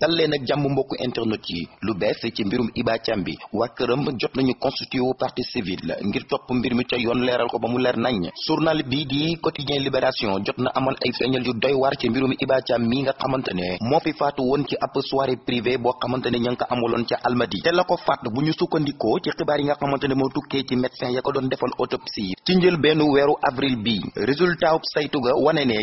dal ak jàmm mbokku internet yi lu bees ci mbirum Hiba Thiam bi waa këram jot nañu constitué wu partie civile ngir topp mbir mi ca yoon leeral ko ba mu leer nañ journal bii di quotidien libération jot na amal ay feeñal yu doy waar ci mbirum Hiba Thiam mi nga xamante moo fi faatu woon ci ab soirée privée boo xamante ne ña ko amaloon ca Almadi te la ko faat bu ñu sukkandikoo ci xibaar yi nga xamante ne moo tukkee ci médecin ya ko doon defal autopsie ci njël benn weeru avril bi résultat ub saytu ga wane ne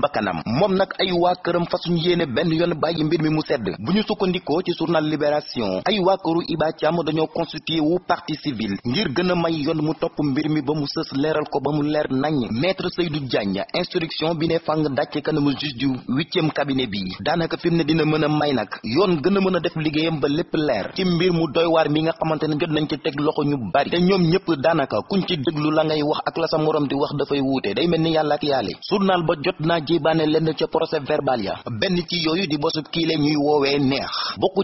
ñàkkoon bakkanam moom nag ay waa këram fasuñ yéene benn yoon bàyyi mbir mi mu sedd bu ñu sukkandikoo ci journal Libération ay waa këru Iba Thiam dañoo constitué wu partie civile ngir gën a may yoon mu topp mbir mi ba mu sës leeral ko ba mu leer nañ maître du Diagne instruction bi ne fàng dàcc kanamu juge du huitième cabinet bi daanaka fi mu ne dina mën a may nag yoon gën a mën a def liggéeyam ba lépp leer ci mbir mu doy waar mi nga xamante ne jot nañ ci teg loxo ñu bari te ñoom ñëpp daanaka kuñ ci déglu la ngay wax ak la sa morom di wax dafay wuute day mel ni yàlla ak ci bànne lenn ca procès verbal ya benn ci yooyu di bosub kii la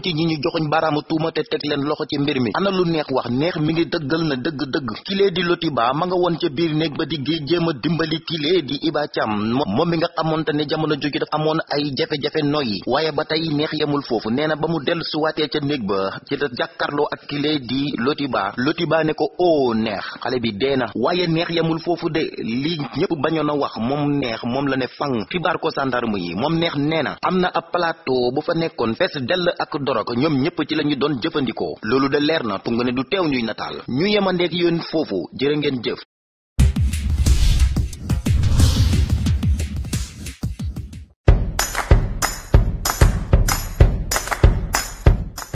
ci ñi ñu joxuñ baaraamu tuuma neex wax neex mi ngi dëggal na dëgg-dëgg kilee di loti ba ma nga woon ca biir néeg ba di géej a dimbali kilee di Iba moom mi nga xamoonte ne jamono jooju daf amoon ay jafe-jafe noyyi waaye ba tey neex yemul foofu nee na ba mu dellu suwaatee ca néeg ba ci da jàkkarloo ak kilee di loti ba ba ne ko o oh, neex xale bi dee na waaye neex yemul foofu de li ñëpp bañoon a wax moom neex moom la ne fang woon xibaar ko sandarme yi moom neex nee na am na ab plateau bu fa nekkoon fees dell ak dorog ñoom ñëpp ci la ñu doon jëfandikoo loolu de leer na tunga ne du teew ñuy nataal ñu yemandeek yéen foofu jërë ngeen jëf